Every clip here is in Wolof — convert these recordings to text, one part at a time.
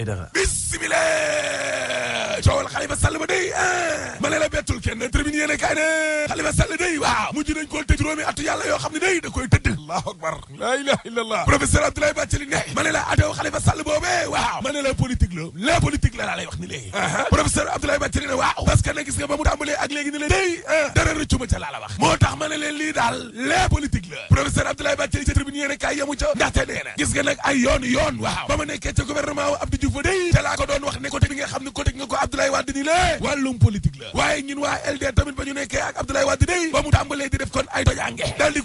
Aidara bismillah coowal Khalifa Sall ba day ah. ma ne la bettul kenn tribune yéene kaay ne Khalifa Sall day waaw mujj nañ koo tëj juróomi atu yàlla yoo xam ne day da koy tëdd allahu akbar la ilaha illallah professeur Abdoulaye Bathily ne ma ne la atew Khalifa Sall boobee waaw ma ne la politique la la politique la laa lay wax ni léegi uh-huh. professeur Abdoulaye Bathily ne waaw parce que nag gis nga ba mu tàmbalee ak léegi ni la day ah. dara rëccu ma ca laa la wax moo tax ma ne leen lii daal la politique la professeur Abdoulaye Bathily tribune yéen kaay yemu ca ndaxte nee na gis nga ay yoon yoon waaw ma nekkee ca gouvernement wu Abdou Diouf ba day ca doon wax ne côté bi xam ne côté nga ko Abdoulaye Wade ni la wàllum politique la waaye ñun waa LD tamit ba ñu nekkee ak Abdoulaye Wade day ba mu tàmbalee di def kon ay tojange daal di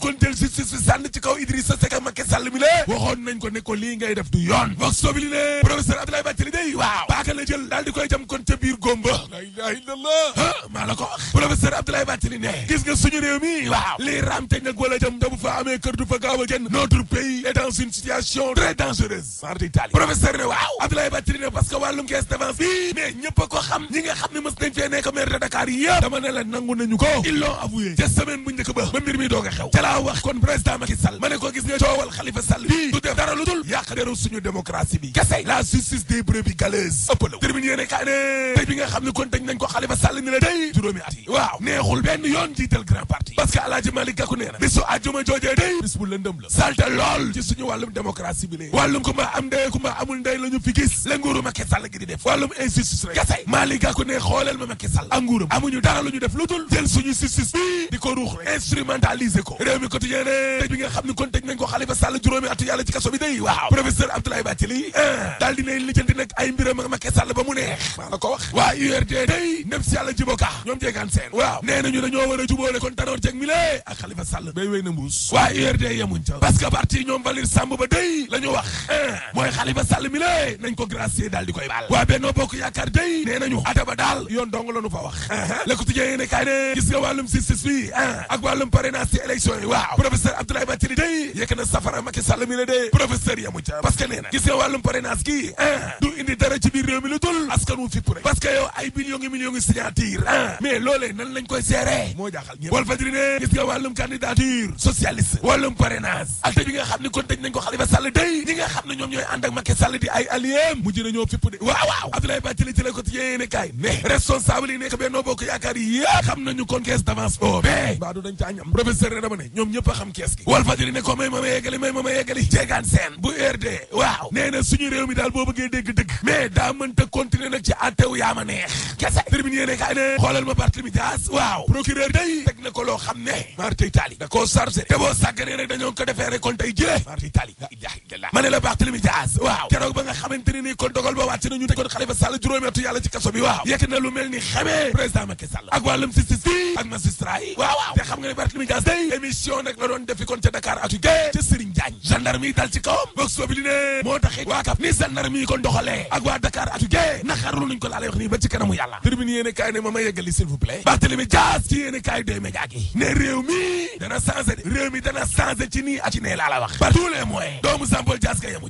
kon jam kon ca biir la ilaha illallah maa la ko wax professeur Abdoulaye Bathily ne gis nga suñu réew mi waaw lii raam te nag wala jam da fa amee kër notre pays est dans une situation très dangereuse en ne waaw Abdoulaye Bathily ne parce que wàllum bi mais ñëpp a xam ñi xam ne mës nañ fee nekk maire de yëpp dama ne la nangu nañu ko ils l'ont avoué ca semaine bu njëkk ba mi doog a xew ca laa wax kon président Macky Sall ma ne ko gis nga coowal Khalifa Sall bii du def dara lu dul yàq deru suñu démocratie bi kese la justice des brebis galeuses ëppalaw terminé yéene kaa ne tey bi nga xam ne salte lool ci suñu wàllum démocratie bi lee wàllum ma am ndey ku ma amul ndey la fi gis la nguuru Macky Sall gi di def wàllum injustice rek gasey Malick Gakou ne xooleel ma Macky Sall ak amuñu dara lu def lu jël suñu justice bi di ruux rek instrumentaliser ko réew mi quotidien ne bi nga xam kon tëj nañ ko Khalifa Sall juróomi atu yàlla ci kaso bi day waaw professeur Abdoulaye Bathily ah, daal dinay lijjanti nag ay mbiram ak Macky ba mu neex maa la ko wax waa URD day nem si yàlla jiboka ñoom jeegaan seen waaw nee nañu dañoo war kon Tanor Dieng mi lee ak Khalifa Sall bay wéy na mbuus waa URD yemuñ ca parce que parti ñoom Valir Samb ba day la ñu wax mooy Khalifa Sall mi lé nañ ko gracier daal di koy baal waa Benno Bokk Yaakaar day nee nañu adaba daal yoon dong la ñu fa wax Le Quotidien yéene kaay ne gis nga wàllum justice bi ak wàllum parrainage ci élection yi Sall mi la dee professeur yamu ca parce du indi dara ci biir réew mi lu dul askan wu fipp rek parce que yow ay millions ngi millions ngi signature mais loolee nan lañ koy gérer moo jaaxal ñëpp Walf Fadjri ne gis nga wàllum candidature socialiste wàllum parrainage atte bi nga xam kon tëj nañ ko Sall day ñi nga ànd ak Sall di ay de waaw waaw Abdoulaye ko ne responsable yi nekk Bokk yi kon d'avance du dañ professeur dama ne ñëpp xam kees gi ne ko may may bu waaw suñu réew mi bëggee dégg dëgg mais continuer ci neex ne ma Dias waaw procureur day na ko da te ko ne kon tey jëlee marti tali la ilaha illallah ma ne la Barthélémy Dias waaw keroog ba nga xamante ne kon dogal ba wàcc nañu te kon Khalifa Sall juróomi atu yàlla ci kaso bi waaw yekk na lu mel ni xamee président ak wàllum si si si ak magistrat yi waaw waaw te xam nga ne Barthélémy Dias day émission nag la doon defi kon ca Dakar atu gee ca Serigne Diagne gendarme yi dal ci kawam box bi li ne moo taxit waa ni gendarme yi kon doxalee ak waa Dakar atu ci kanamu yàlla tribune yéene kaay ne ma ma yeggali s'il ci yéene kaay dee média gi ne ne laa la wax par tous les moyens doomu Sampol Laas nga yemu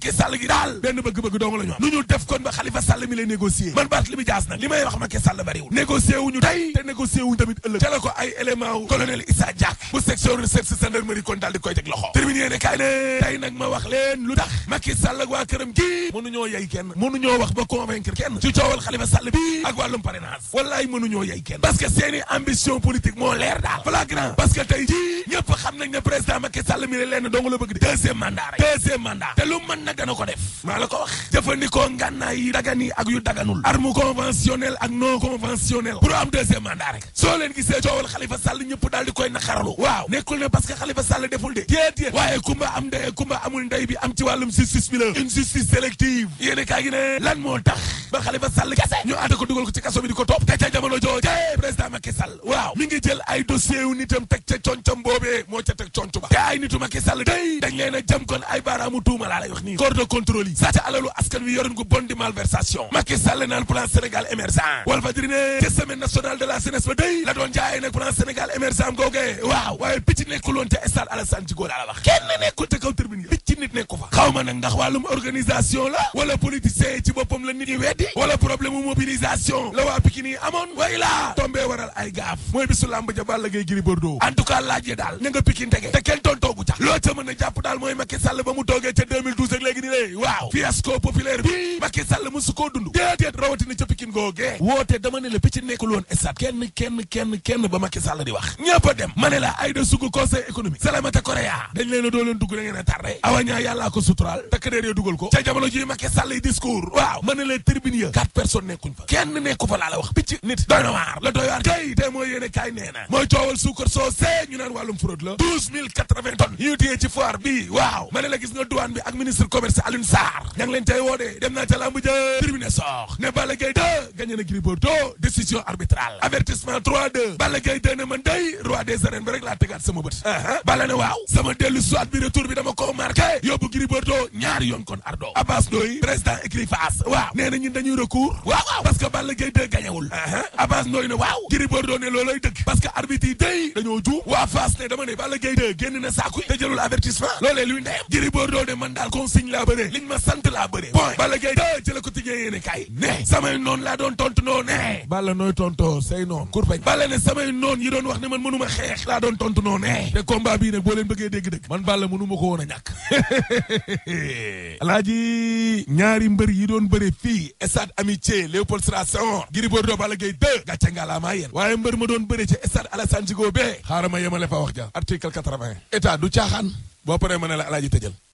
ca Sall gi daal benn bëgg-bëgg dong ñu am nu ñu def kon ba Khalifa Sall mi négocier man baat li mu jaas nag li may wax Macky Sall bariwul négocier wuñu tey te négocier wuñu tamit ëllëg ca la ay élément wu colonel Issa Diack bu section recherche gendarmerie kon daal di koy teg loxo terminé ne kay ne tey nag ma wax leen lu tax Macky Sall ak waa këram gi mënuñoo yey kenn mënuñoo wax ba convaincre kenn ci coowal Khalifa Sall bi mandat rek deuxième mandat te lu mën nag dana ko def maa la ko wax jëfandikoo ngànnaay yi dagan ak yu daganul arme conventionnelle ak non conventionnelle pour am deuxième mandat rek soo leen gisee coowal Khalifa Sall ñëpp daal di koy naqaralu waaw nekkul ne parce que Khalifa Sall deful de déet déet waaye kumba am ndey kumba amul ndey bi am ci wàllum justice bi la une justice sélective yéen kaa gi ne lan moo tax ba Khalifa Sall kese ñu ànd ko dugal ko ci kaso bi di ko topp te ca jamono joojee président Macky Sall waaw mi ngi jël ay dossier yu nitam teg ca concam boobee moo ca teg conc ba te ay nitu Macky Sall day dañ leen a kon ay baaraamu tuuma laa lay wax nii corps de contrôle yi sàcc alalu askan wi yorin ko bon di malversation Macky Sall naan plan Sénégal émergent Walfadjri ne ca semaine nationale de la jeunesse ba day la waaw waaye picc nekkuloon ca xaw ma ndax wàllum organisation la wala politicien yi ci boppam la nit ñi weddi wala problème mu la waa Pikine amoon way tombee waral ay gaaf mooy bisu làmb ja Balla Gaye Gris Bordeaux en laaj ya daal na nga tege te kenn tontoogu ca loo ca mën a jàpp daal mooy Macky Sall ba mu toogee ca 2012 ak léegi ni lée waaw fiasco populaire bi Macky Sall mu su koo dund déedéet rawatina ca Pikine googee woote dama ne la Pikine nekkul a a doo suturaal takk der ya dugal ko ca jamono ji Macky Sall yi discours waaw mën na leen tribune ya quatre nekkuñ fa kenn nekku fa laa la wax picc nit doy na waar la doy waar kay dem naa ca lamb ja tribune soox ne Balla Gaye 2 ne man day roi des arènes bi rek laa tëgaat sama bët bala ne waaw sama dellu soit bi dama ko marqué yóbbu Gris Bordeaux ñaari yoon kon Ardo Abbas Ndoye président écrit que Balla Gaye 2 gañewul uh-huh. Abbas Ndoye ne que arbitre yi day dañoo ju waa face ne dama ne Balla Gaye 2 génn na saaku te jëlul avertissement loolee luy ndeyam Gris Bordeaux ne man daal consigne laa bëree liñ ma sant laa bëree point Balla Gaye 2 jëla ko tijjee yéene ne samay noon yi doon wax ne man mënuma xeex laa doon tontu noo ne te combat bii nag boo leen bëggee dégg dëgg man Balla mënuma ko woon a ñàkk alaaji ñaari mbër yi doon bëre fii stade amitié Léopold Sédar Senghor Gris Bordeaux Balla Gaye 2 gàcce ngalaama waaye mbër ma doon bëre ci stade Alassane Djigo bee xaaral ma yemale fa wax ja article 80 état du caaxaan boo paree ma ne la alaaji tëjal